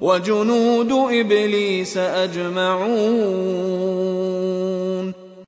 وجنود ابليس اجمعون